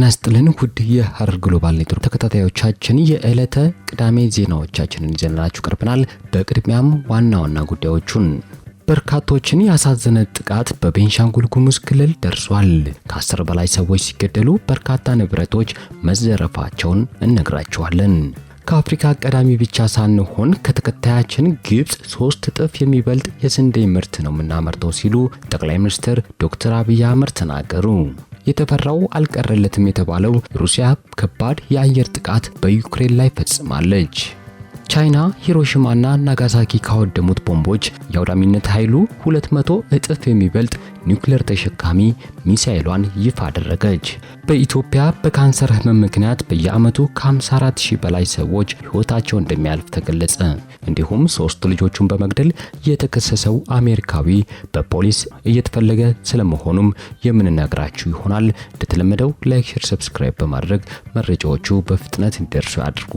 ጤና ስጥልን ውድ የሐረር ግሎባል ኔትወርክ ተከታታዮቻችን የዕለተ ቅዳሜ ዜናዎቻችንን ይዘንላችሁ ቀርበናል። በቅድሚያም ዋና ዋና ጉዳዮቹን በርካቶችን ያሳዘነ ጥቃት በቤንሻንጉል ጉሙዝ ክልል ደርሷል። ከአስር በላይ ሰዎች ሲገደሉ በርካታ ንብረቶች መዘረፋቸውን እነግራችኋለን። ከአፍሪካ ቀዳሚ ብቻ ሳንሆን ከተከታያችን ግብፅ ሶስት እጥፍ የሚበልጥ የስንዴ ምርት ነው የምናመርተው ሲሉ ጠቅላይ ሚኒስትር ዶክተር አብይ አህመድ ተናገሩ። የተፈራው አልቀረለትም የተባለው ሩሲያ ከባድ የአየር ጥቃት በዩክሬን ላይ ፈጽማለች። ቻይና ሂሮሺማና ናጋሳኪ ካወደሙት ቦምቦች የአውዳሚነት ኃይሉ 200 እጥፍ የሚበልጥ ኒውክሌር ተሸካሚ ሚሳኤሏን ይፋ አደረገች። በኢትዮጵያ በካንሰር ህመም ምክንያት በየዓመቱ ከ54 ሺህ በላይ ሰዎች ህይወታቸው እንደሚያልፍ ተገለጸ። እንዲሁም ሶስት ልጆቹን በመግደል የተከሰሰው አሜሪካዊ በፖሊስ እየተፈለገ ስለመሆኑም የምንነግራችሁ ይሆናል። እንደተለመደው ላይክ፣ ሼር፣ ሰብስክራይብ በማድረግ መረጃዎቹ በፍጥነት እንዲደርሱ አድርጉ።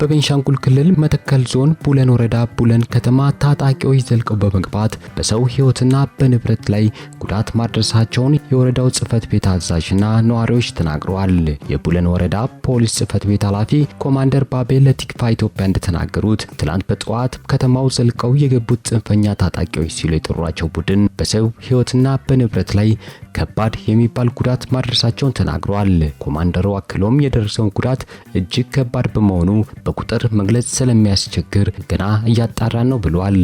በቤንሻንጉል ክልል መተከል ዞን ቡለን ወረዳ ቡለን ከተማ ታጣቂዎች ዘልቀው በመግባት በሰው ሕይወትና በንብረት ላይ ጉዳት ማድረሳቸውን የወረዳው ጽህፈት ቤት አዛዥና ነዋሪዎች ተናግረዋል። የቡለን ወረዳ ፖሊስ ጽህፈት ቤት ኃላፊ ኮማንደር ባቤል ለቲክፋ ኢትዮጵያ እንደተናገሩት ትላንት በጠዋት ከተማው ዘልቀው የገቡት ጽንፈኛ ታጣቂዎች ሲሉ የጠሯቸው ቡድን በሰው ሕይወትና በንብረት ላይ ከባድ የሚባል ጉዳት ማድረሳቸውን ተናግረዋል። ኮማንደሩ አክሎም የደረሰውን ጉዳት እጅግ ከባድ በመሆኑ በቁጥር መግለጽ ስለሚያስቸግር ገና እያጣራን ነው ብለዋል።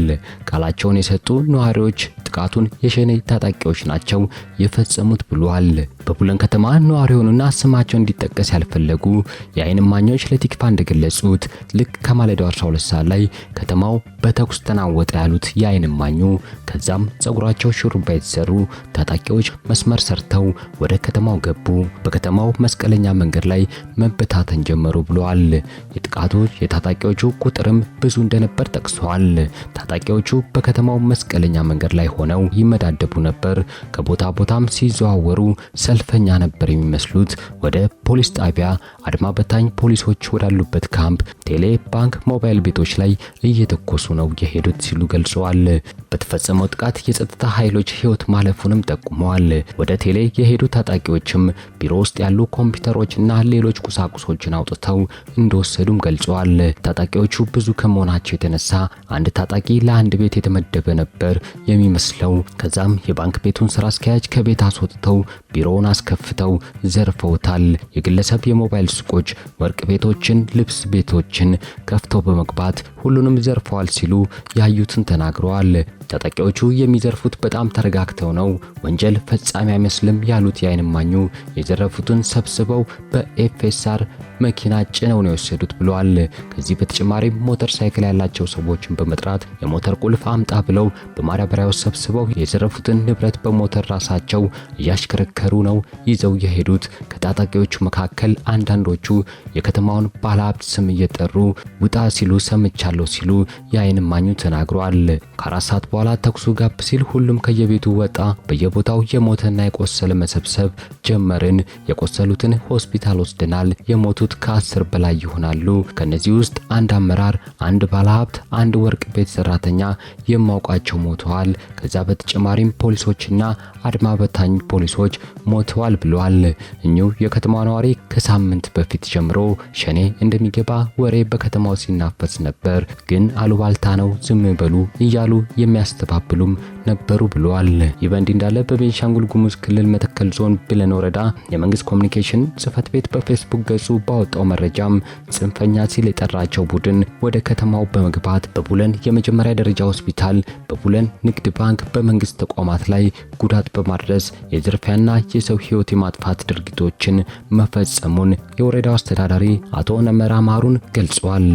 ቃላቸውን የሰጡ ነዋሪዎች ጥቃቱን የሸኔ ታጣቂዎች ናቸው የፈጸሙት ብሏል። በቡለን ከተማ ነዋሪ የሆኑና ስማቸው እንዲጠቀስ ያልፈለጉ የአይን ማኞች ለቲክፋ እንደገለጹት ልክ ከማለዳው 12 ሰዓት ላይ ከተማው በተኩስ ተናወጠ ያሉት የአይን እማኙ ከዛም ጸጉራቸው ሹሩባ የተሰሩ ታጣቂዎች መስመር ሰርተው ወደ ከተማው ገቡ። በከተማው መስቀለኛ መንገድ ላይ መበታተን ጀመሩ ብለዋል። የጥቃቶች የታጣቂዎቹ ቁጥርም ብዙ እንደነበር ጠቅሰዋል። ታጣቂዎቹ በከተማው መስቀለኛ መንገድ ላይ ሆነው ይመዳደቡ ነበር። ከቦታ ቦታም ሲዘዋወሩ ሰልፈኛ ነበር የሚመስሉት። ወደ ፖሊስ ጣቢያ፣ አድማ በታኝ ፖሊሶች ወዳሉበት ካምፕ፣ ቴሌ፣ ባንክ፣ ሞባይል ቤቶች ላይ እየተኮሱ ነው የሄዱት ሲሉ ገልጸዋል። በተፈጸመው ጥቃት የጸጥታ ኃይሎች ህይወት ማለፉንም ጠቁመዋል። ወደ ቴሌ የሄዱ ታጣቂዎችም ቢሮ ውስጥ ያሉ ኮምፒውተሮችና ሌሎች ቁሳቁሶችን አውጥተው እንደወሰዱም ገልጸዋል። ታጣቂዎቹ ብዙ ከመሆናቸው የተነሳ አንድ ታጣቂ ለአንድ ቤት የተመደበ ነበር የሚመስለው። ከዛም የባንክ ቤቱን ስራ አስኪያጅ ከቤት አስወጥተው ቢሮውን አስከፍተው ዘርፈውታል። የግለሰብ የሞባይል ሱቆች፣ ወርቅ ቤቶችን፣ ልብስ ቤቶችን ከፍተው በመግባት ሁሉንም ዘርፈዋል ሲሉ ያዩትን ተናግረዋል። ተጠቂዎቹ የሚዘርፉት በጣም ተረጋግተው ነው፣ ወንጀል ፈጻሚ አይመስልም ያሉት የዓይን እማኙ የዘረፉትን ሰብስበው በኤፍኤስአር መኪና ጭነው ነው የወሰዱት ብለዋል። ከዚህ በተጨማሪም ሞተር ሳይክል ያላቸው ሰዎችን በመጥራት የሞተር ቁልፍ አምጣ ብለው በማዳበሪያው ሰብስበው የዘረፉትን ንብረት በሞተር ራሳቸው እያሽከረከሩ ነው ይዘው የሄዱት። ከታጣቂዎቹ መካከል አንዳንዶቹ የከተማውን ባለሀብት ስም እየጠሩ ውጣ ሲሉ ሰምቻለሁ ሲሉ የዓይን እማኙ ተናግሯል። ከአራት ሰዓት በኋላ በኋላ ተኩሱ ጋብ ሲል ሁሉም ከየቤቱ ወጣ። በየቦታው የሞተና የቆሰለ መሰብሰብ ጀመርን። የቆሰሉትን ሆስፒታል ወስደናል። የሞቱት ከአስር በላይ ይሆናሉ። ከነዚህ ውስጥ አንድ አመራር፣ አንድ ባለሀብት፣ አንድ ወርቅ ቤት ሰራተኛ የማውቃቸው ሞተዋል። ከዛ በተጨማሪም ፖሊሶችና አድማ በታኝ ፖሊሶች ሞተዋል ብለዋል። እኚሁ የከተማ ነዋሪ ከሳምንት በፊት ጀምሮ ሸኔ እንደሚገባ ወሬ በከተማው ሲናፈስ ነበር። ግን አሉባልታ ነው፣ ዝም በሉ እያሉ የሚያ የሚያስተባብሉም ነበሩ ብለዋል። ይህ በእንዲህ እንዳለ በቤንሻንጉል ጉሙዝ ክልል መተከል ዞን ብለን ወረዳ የመንግስት ኮሚኒኬሽን ጽህፈት ቤት በፌስቡክ ገጹ ባወጣው መረጃም ጽንፈኛ ሲል የጠራቸው ቡድን ወደ ከተማው በመግባት በቡለን የመጀመሪያ ደረጃ ሆስፒታል፣ በቡለን ንግድ ባንክ፣ በመንግስት ተቋማት ላይ ጉዳት በማድረስ የዝርፊያና የሰው ህይወት የማጥፋት ድርጊቶችን መፈጸሙን የወረዳው አስተዳዳሪ አቶ ነመራ ማሩን ገልጿል።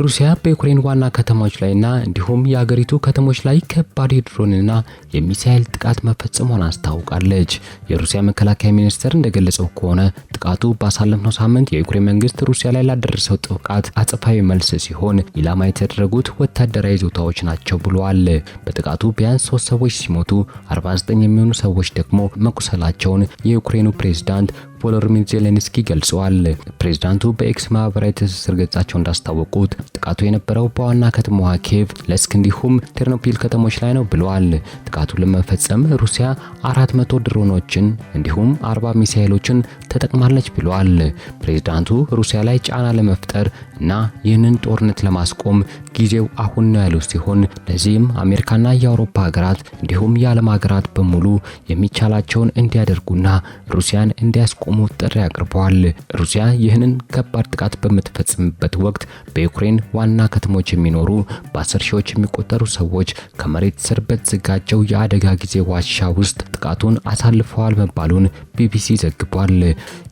ሩሲያ በዩክሬን ዋና ከተሞች ላይና እንዲሁም የአገሪቱ ከተሞች ላይ ከባድ የድሮንና የሚሳኤል ጥቃት መፈጸሟን አስታውቃለች። የሩሲያ መከላከያ ሚኒስቴር እንደገለጸው ከሆነ ጥቃቱ ባሳለፍነው ሳምንት የዩክሬን መንግስት ሩሲያ ላይ ላደረሰው ጥቃት አጸፋዊ መልስ ሲሆን ኢላማ የተደረጉት ወታደራዊ ይዞታዎች ናቸው ብለዋል። በጥቃቱ ቢያንስ ሶስት ሰዎች ሲሞቱ 49 የሚሆኑ ሰዎች ደግሞ መቁሰላቸውን የዩክሬኑ ፕሬዝዳንት ቮሎድሚር ዜሌንስኪ ገልጸዋል። ፕሬዝዳንቱ በኤክስ ማህበራዊ ትስስር ገጻቸው እንዳስታወቁት ጥቃቱ የነበረው በዋና ከተማዋ ኬቭ፣ ለስክ እንዲሁም ቴርኖፒል ከተሞች ላይ ነው ብለዋል። ጥቃቱን ለመፈጸም ሩሲያ 400 ድሮኖችን እንዲሁም 40 ሚሳኤሎችን ተጠቅማለች ብለዋል። ፕሬዝዳንቱ ሩሲያ ላይ ጫና ለመፍጠር እና ይህንን ጦርነት ለማስቆም ጊዜው አሁን ነው ያሉ ሲሆን ለዚህም አሜሪካና የአውሮፓ ሀገራት እንዲሁም የዓለም ሀገራት በሙሉ የሚቻላቸውን እንዲያደርጉና ሩሲያን እንዲያስቆሙ ጥሪ አቅርበዋል። ሩሲያ ይህንን ከባድ ጥቃት በምትፈጽምበት ወቅት በዩክሬን ዋና ከተሞች የሚኖሩ በአስር ሺዎች የሚቆጠሩ ሰዎች ከመሬት ስር በተዘጋጀው የአደጋ ጊዜ ዋሻ ውስጥ ጥቃቱን አሳልፈዋል መባሉን ቢቢሲ ዘግቧል።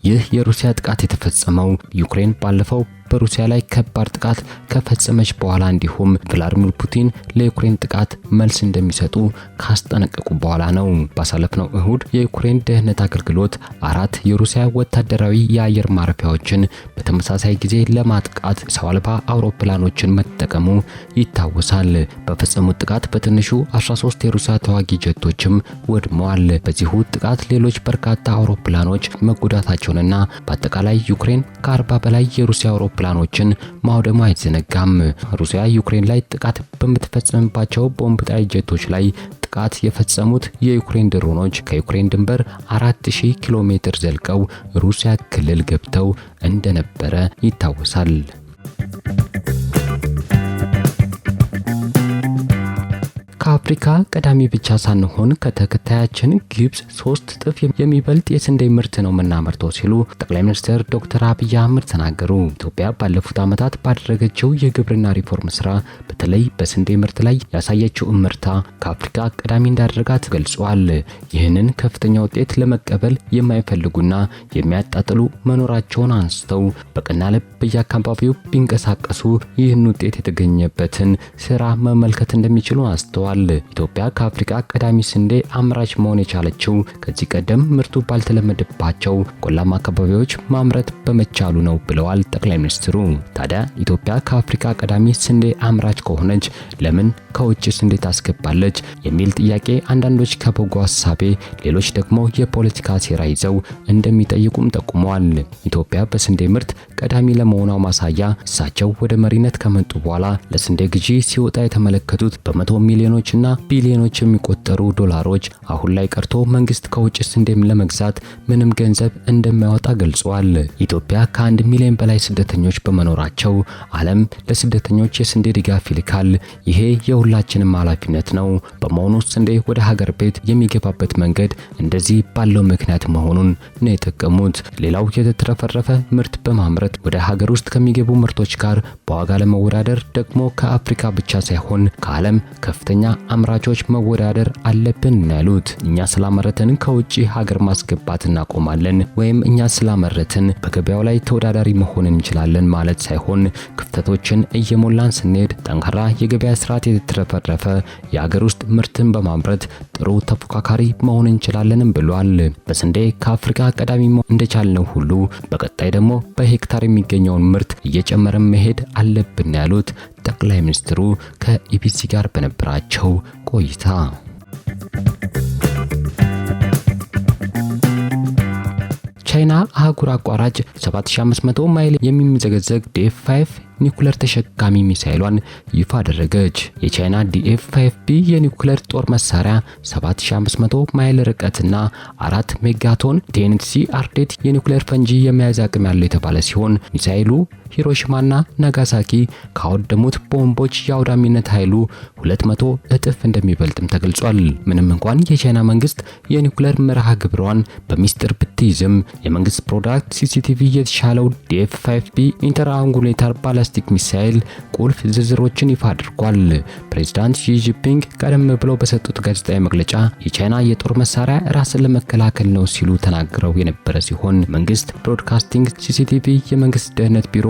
ይህ የሩሲያ ጥቃት የተፈጸመው ዩክሬን ባለፈው በሩሲያ ላይ ከባድ ጥቃት ከፈጸመች በኋላ እንዲሁም ቭላድሚር ፑቲን ለዩክሬን ጥቃት መልስ እንደሚሰጡ ካስጠነቀቁ በኋላ ነው። ባሳለፍነው እሁድ የዩክሬን ደህንነት አገልግሎት አራት የሩሲያ ወታደራዊ የአየር ማረፊያዎችን በተመሳሳይ ጊዜ ለማጥቃት ሰው አልባ አውሮፕላኖችን መጠቀሙ ይታወሳል። በፈጸሙት ጥቃት በትንሹ 13 የሩሲያ ተዋጊ ጀቶችም ወድመዋል። በዚሁ ጥቃት ሌሎች በርካታ አውሮፕላኖች መጎዳታቸውንና በአጠቃላይ ዩክሬን ከ40 በላይ የሩሲያ አውሮ አውሮፕላኖችን ማውደሙ አይዘነጋም። ሩሲያ ዩክሬን ላይ ጥቃት በምትፈጸምባቸው ቦምብ ጣይ ጀቶች ላይ ጥቃት የፈጸሙት የዩክሬን ድሮኖች ከዩክሬን ድንበር 4000 ኪሎ ሜትር ዘልቀው ሩሲያ ክልል ገብተው እንደነበረ ይታወሳል። ከአፍሪካ ቀዳሚ ብቻ ሳንሆን ከተከታያችን ግብፅ ሶስት ጥፍ የሚበልጥ የስንዴ ምርት ነው የምናመርተው ሲሉ ጠቅላይ ሚኒስትር ዶክተር አብይ አህመድ ተናገሩ። ኢትዮጵያ ባለፉት ዓመታት ባደረገችው የግብርና ሪፎርም ስራ በተለይ በስንዴ ምርት ላይ ያሳየችው እምርታ ከአፍሪካ ቀዳሚ እንዳደረጋት ገልጿል። ይህንን ከፍተኛ ውጤት ለመቀበል የማይፈልጉና የሚያጣጥሉ መኖራቸውን አንስተው በቀና ልብ በየአካባቢው ቢንቀሳቀሱ ይህን ውጤት የተገኘበትን ስራ መመልከት እንደሚችሉ አስተዋል። ገልጿል። ኢትዮጵያ ከአፍሪካ ቀዳሚ ስንዴ አምራች መሆን የቻለችው ከዚህ ቀደም ምርቱ ባልተለመደባቸው ቆላማ አካባቢዎች ማምረት በመቻሉ ነው ብለዋል ጠቅላይ ሚኒስትሩ። ታዲያ ኢትዮጵያ ከአፍሪካ ቀዳሚ ስንዴ አምራች ከሆነች ለምን ከውጭስ እንዴት አስገባለች የሚል ጥያቄ አንዳንዶች ከበጎ ሀሳቤ፣ ሌሎች ደግሞ የፖለቲካ ሴራ ይዘው እንደሚጠይቁም ጠቁመዋል። ኢትዮጵያ በስንዴ ምርት ቀዳሚ ለመሆኗ ማሳያ እሳቸው ወደ መሪነት ከመጡ በኋላ ለስንዴ ግዢ ሲወጣ የተመለከቱት በመቶ ሚሊዮኖችና ቢሊዮኖች የሚቆጠሩ ዶላሮች አሁን ላይ ቀርቶ መንግስት ከውጭ ስንዴም ለመግዛት ምንም ገንዘብ እንደማያወጣ ገልጿል። ኢትዮጵያ ከአንድ ሚሊዮን በላይ ስደተኞች በመኖራቸው ዓለም ለስደተኞች የስንዴ ድጋፍ ይልካል። ይሄ የሁላችንም ኃላፊነት ነው። በመሆኑ ስንዴ ወደ ሀገር ቤት የሚገባበት መንገድ እንደዚህ ባለው ምክንያት መሆኑን ነው የጠቀሙት። ሌላው የተትረፈረፈ ምርት በማምረት ወደ ሀገር ውስጥ ከሚገቡ ምርቶች ጋር በዋጋ ለመወዳደር ደግሞ ከአፍሪካ ብቻ ሳይሆን ከዓለም ከፍተኛ አምራቾች መወዳደር አለብን ያሉት እኛ ስላመረትን ከውጭ ሀገር ማስገባት እናቆማለን ወይም እኛ ስላመረትን በገበያው ላይ ተወዳዳሪ መሆን እንችላለን ማለት ሳይሆን ክፍተቶችን እየሞላን ስንሄድ ጠንካራ የገበያ ስርዓት በተትረፈረፈ የአገር ውስጥ ምርትን በማምረት ጥሩ ተፎካካሪ መሆን እንችላለንም ብሏል። በስንዴ ከአፍሪካ ቀዳሚ እንደቻልነው ሁሉ በቀጣይ ደግሞ በሄክታር የሚገኘውን ምርት እየጨመረ መሄድ አለብን ያሉት ጠቅላይ ሚኒስትሩ ከኢቢሲ ጋር በነበራቸው ቆይታ ቻይና አህጉር አቋራጭ 7500 ማይል የሚምዘገዘግ ዴፍ 5 ኒኩለር ተሸካሚ ሚሳኤሏን ይፋ አደረገች። የቻይና ዲኤፍ 5ቢ የኒኩለር ጦር መሳሪያ 7500 ማይል ርቀትና 4 ሜጋቶን ቴንሲ አርዴት የኒኩለር ፈንጂ የመያዝ አቅም ያለው የተባለ ሲሆን ሚሳኤሉ ሂሮሽማና ናጋሳኪ ካወደሙት ቦምቦች የአውዳሚነት ኃይሉ 200 እጥፍ እንደሚበልጥም ተገልጿል። ምንም እንኳን የቻይና መንግስት የኒኩሌር መርሃ ግብሯን በሚስጥር ብትይዝም የመንግስት ፕሮዳክት ሲሲቲቪ የተሻለው ዲኤፍ5ቢ ኢንተርአንጉሌተር ባላስቲክ ሚሳኤል ቁልፍ ዝርዝሮችን ይፋ አድርጓል። ፕሬዚዳንት ሺጂፒንግ ቀደም ብለው በሰጡት ጋዜጣዊ መግለጫ የቻይና የጦር መሳሪያ ራስን ለመከላከል ነው ሲሉ ተናግረው የነበረ ሲሆን መንግስት ብሮድካስቲንግ ሲሲቲቪ የመንግስት ደህንነት ቢሮ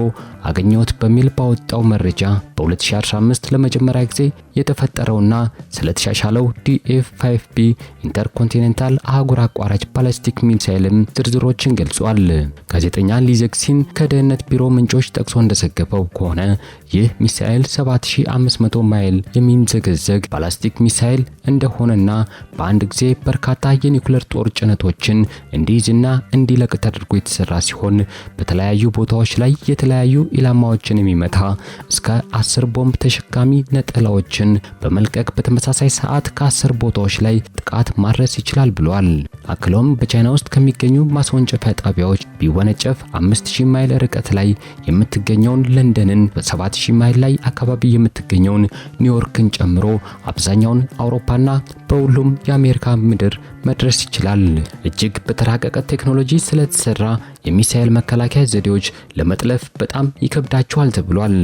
አገኘሁት በሚል ባወጣው መረጃ በ2015 ለመጀመሪያ ጊዜ የተፈጠረውና ስለተሻሻለው ዲኤፍ 5ቢ ኢንተርኮንቲኔንታል አህጉር አቋራጭ ባላስቲክ ሚሳይልም ዝርዝሮችን ገልጿል። ጋዜጠኛ ሊዘክሲን ከደህንነት ቢሮ ምንጮች ጠቅሶ እንደዘገበው ከሆነ ይህ ሚሳኤል 7500 ማይል የሚምዘገዘግ ባላስቲክ ሚሳኤል እንደሆነና በአንድ ጊዜ በርካታ የኒኩሌር ጦር ጭነቶችን እንዲይዝና እንዲለቅ ተደርጎ የተሰራ ሲሆን በተለያዩ ቦታዎች ላይ የተለያዩ የተለያዩ ኢላማዎችን የሚመታ እስከ አስር ቦምብ ተሸካሚ ነጠላዎችን በመልቀቅ በተመሳሳይ ሰዓት ከአስር ቦታዎች ላይ ጥቃት ማድረስ ይችላል ብሏል። አክሎም በቻይና ውስጥ ከሚገኙ ማስወንጨፊያ ጣቢያዎች ቢወነጨፍ 5000 ማይል ርቀት ላይ የምትገኘውን ለንደንን፣ በ7000 ማይል ላይ አካባቢ የምትገኘውን ኒውዮርክን ጨምሮ አብዛኛውን አውሮፓና በሁሉም የአሜሪካ ምድር መድረስ ይችላል። እጅግ በተራቀቀ ቴክኖሎጂ ስለተሰራ የሚሳኤል መከላከያ ዘዴዎች ለመጥለፍ በጣም ይከብዳቸዋል ተብሏል።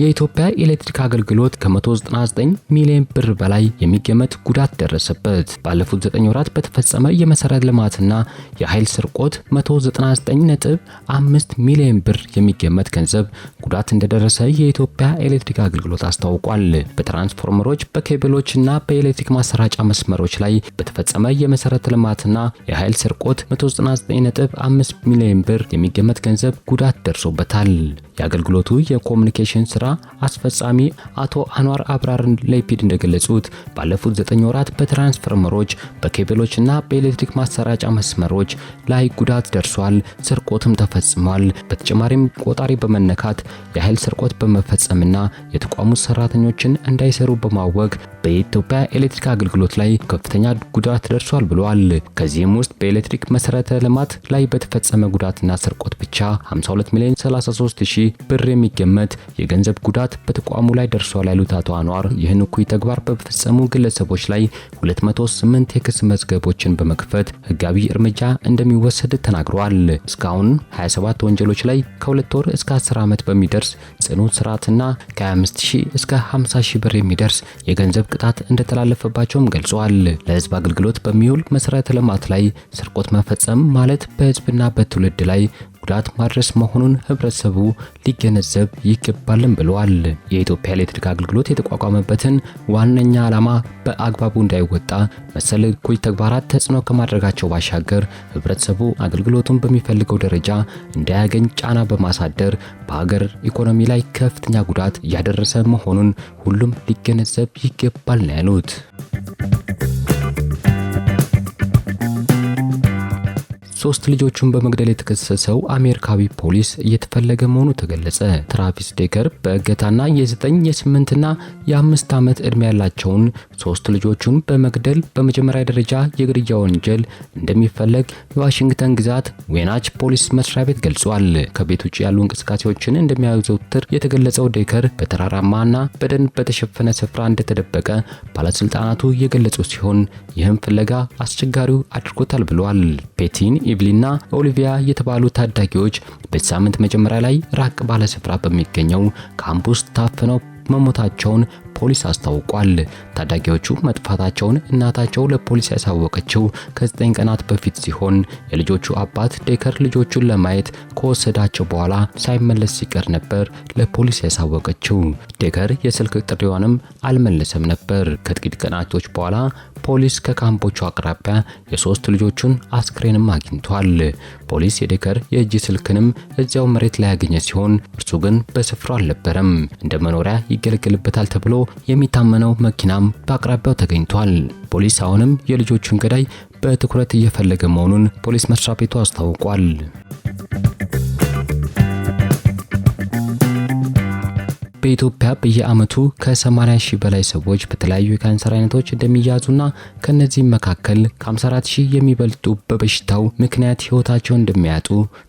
የኢትዮጵያ ኤሌክትሪክ አገልግሎት ከ199 ሚሊዮን ብር በላይ የሚገመት ጉዳት ደረሰበት። ባለፉት 9 ወራት በተፈጸመ የመሰረተ ልማትና የኃይል ስርቆት 199.5 ሚሊዮን ብር የሚገመት ገንዘብ ጉዳት እንደደረሰ የኢትዮጵያ ኤሌክትሪክ አገልግሎት አስታውቋል። በትራንስፎርመሮች፣ በኬብሎችና በኤሌክትሪክ ማሰራጫ መስመሮች ላይ በተፈጸመ የመሰረተ ልማትና የኃይል ስርቆት 199.5 ሚሊዮን ብር የሚገመት ገንዘብ ጉዳት ደርሶበታል። የአገልግሎቱ የኮሚኒኬሽን ስራ አስፈጻሚ አቶ አንዋር አብራር ለኢፒድ እንደገለጹት ባለፉት ዘጠኝ ወራት በትራንስፎርመሮች በኬብሎችና በኤሌክትሪክ ማሰራጫ መስመሮች ላይ ጉዳት ደርሷል፣ ስርቆትም ተፈጽሟል። በተጨማሪም ቆጣሪ በመነካት የኃይል ስርቆት በመፈጸምና የተቋሙ ሰራተኞችን እንዳይሰሩ በማወቅ በኢትዮጵያ ኤሌክትሪክ አገልግሎት ላይ ከፍተኛ ጉዳት ደርሷል ብለዋል። ከዚህም ውስጥ በኤሌክትሪክ መሰረተ ልማት ላይ በተፈጸመ ጉዳትና ስርቆት ብቻ 52 ሚሊዮን 33 ሺህ ብር የሚገመት የገንዘብ ጉዳት በተቋሙ ላይ ደርሷል ያሉት አቶ አኗር ይህን እኩይ ተግባር በፈጸሙ ግለሰቦች ላይ 208 የክስ መዝገቦችን በመክፈት ህጋዊ እርምጃ እንደሚወሰድ ተናግረዋል። እስካሁን 27 ወንጀሎች ላይ ከሁለት ወር እስከ 10 ዓመት በሚደርስ ጽኑ ስርዓትና ከ25000 እስከ 50000 ብር የሚደርስ የገንዘብ ቅጣት እንደተላለፈባቸውም ገልጿል። ለህዝብ አገልግሎት በሚውል መሰረተ ልማት ላይ ስርቆት መፈጸም ማለት በህዝብና በትውልድ ላይ ጉዳት ማድረስ መሆኑን ህብረተሰቡ ሊገነዘብ ይገባልን ብለዋል። የኢትዮጵያ ኤሌክትሪክ አገልግሎት የተቋቋመበትን ዋነኛ ዓላማ በአግባቡ እንዳይወጣ መሰል እኩይ ተግባራት ተጽዕኖ ከማድረጋቸው ባሻገር ህብረተሰቡ አገልግሎቱን በሚፈልገው ደረጃ እንዳያገኝ ጫና በማሳደር በሀገር ኢኮኖሚ ላይ ከፍተኛ ጉዳት እያደረሰ መሆኑን ሁሉም ሊገነዘብ ይገባል ነው ያሉት። ሶስት ልጆቹን በመግደል የተከሰሰው አሜሪካዊ ፖሊስ እየተፈለገ መሆኑ ተገለጸ። ትራቪስ ዴከር በእገታና የዘጠኝ የስምንትና የአምስት ዓመት ዕድሜ ያላቸውን ሶስት ልጆቹን በመግደል በመጀመሪያ ደረጃ የግድያ ወንጀል እንደሚፈለግ የዋሽንግተን ግዛት ዌናች ፖሊስ መስሪያ ቤት ገልጿል። ከቤት ውጭ ያሉ እንቅስቃሴዎችን እንደሚያዘወትር የተገለጸው ዴከር በተራራማና በደን በተሸፈነ ስፍራ እንደተደበቀ ባለስልጣናቱ የገለጹ ሲሆን ይህም ፍለጋ አስቸጋሪው አድርጎታል ብሏል። ፔቲን ኢቭሊና ኦሊቪያ የተባሉ ታዳጊዎች በዚህ ሳምንት መጀመሪያ ላይ ራቅ ባለ ስፍራ በሚገኘው ካምፕ ውስጥ ታፍነው መሞታቸውን ፖሊስ አስታውቋል። ታዳጊዎቹ መጥፋታቸውን እናታቸው ለፖሊስ ያሳወቀችው ከ9 ቀናት በፊት ሲሆን የልጆቹ አባት ዴከር ልጆቹን ለማየት ከወሰዳቸው በኋላ ሳይመለስ ሲቀር ነበር ለፖሊስ ያሳወቀችው። ዴከር የስልክ ጥሪዋንም አልመለሰም ነበር። ከጥቂት ቀናቶች በኋላ ፖሊስ ከካምፖቹ አቅራቢያ የሶስት ልጆቹን አስክሬንም አግኝቷል። ፖሊስ የዴከር የእጅ ስልክንም እዚያው መሬት ላይ ያገኘ ሲሆን እርሱ ግን በስፍራው አልነበረም። እንደ መኖሪያ ይገለገልበታል ተብሎ የሚታመነው መኪናም በአቅራቢያው ተገኝቷል። ፖሊስ አሁንም የልጆቹን ገዳይ በትኩረት እየፈለገ መሆኑን ፖሊስ መስሪያ ቤቱ አስታውቋል። በኢትዮጵያ በየአመቱ ከ80 ሺህ በላይ ሰዎች በተለያዩ የካንሰር አይነቶች እንደሚያዙና ከእነዚህም መካከል ከ54 ሺህ የሚበልጡ በበሽታው ምክንያት ህይወታቸውን እንደሚያጡ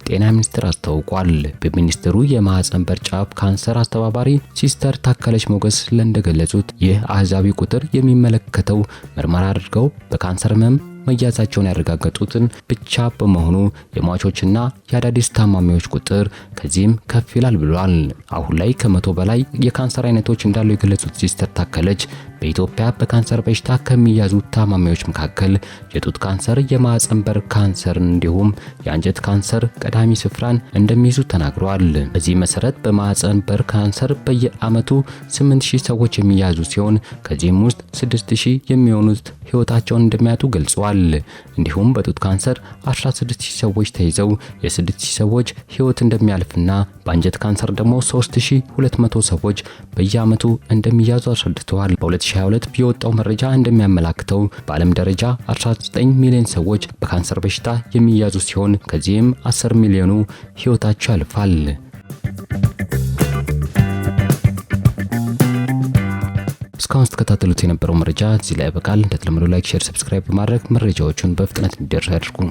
ጤና ሚኒስቴር አስታውቋል። በሚኒስትሩ የማህፀን በርጫፍ ካንሰር አስተባባሪ ሲስተር ታከለች ሞገስ ለእንደገለጹት ይህ አህዛቢ ቁጥር የሚመለከተው ምርመራ አድርገው በካንሰር ህመም መያዛቸውን ያረጋገጡትን ብቻ በመሆኑ የሟቾችና የአዳዲስ ታማሚዎች ቁጥር ከዚህም ከፍ ይላል ብሏል። አሁን ላይ ከመቶ በላይ የካንሰር አይነቶች እንዳሉ የገለጹት ሲስተር ታከለች በኢትዮጵያ በካንሰር በሽታ ከሚያዙ ታማሚዎች መካከል የጡት ካንሰር፣ የማህፀን በር ካንሰር እንዲሁም የአንጀት ካንሰር ቀዳሚ ስፍራን እንደሚይዙ ተናግረዋል። በዚህ መሰረት በማህፀን በር ካንሰር በየአመቱ 8000 ሰዎች የሚያዙ ሲሆን ከዚህም ውስጥ 6000 የሚሆኑት ህይወታቸውን እንደሚያጡ ገልጸዋል። እንዲሁም በጡት ካንሰር 16000 ሰዎች ተይዘው የ6000 ሰዎች ህይወት እንደሚያልፍና በአንጀት ካንሰር ደግሞ 3200 ሰዎች በየዓመቱ እንደሚያዙ አስረድተዋል። በ 2022 የወጣው መረጃ እንደሚያመላክተው በዓለም ደረጃ 19 ሚሊዮን ሰዎች በካንሰር በሽታ የሚያዙ ሲሆን ከዚህም 10 ሚሊዮኑ ሕይወታቸው ያልፋል። እስካሁን ስትከታተሉት የነበረው መረጃ እዚህ ላይ ያበቃል። እንደተለመደው ላይክ፣ ሼር፣ ሰብስክራይብ በማድረግ መረጃዎቹን በፍጥነት እንዲደርስ ያድርጉ።